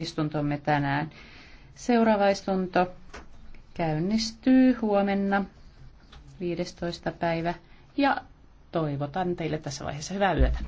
istuntomme tänään. Seuraava istunto käynnistyy huomenna 15. päivä ja toivotan teille tässä vaiheessa hyvää yötä.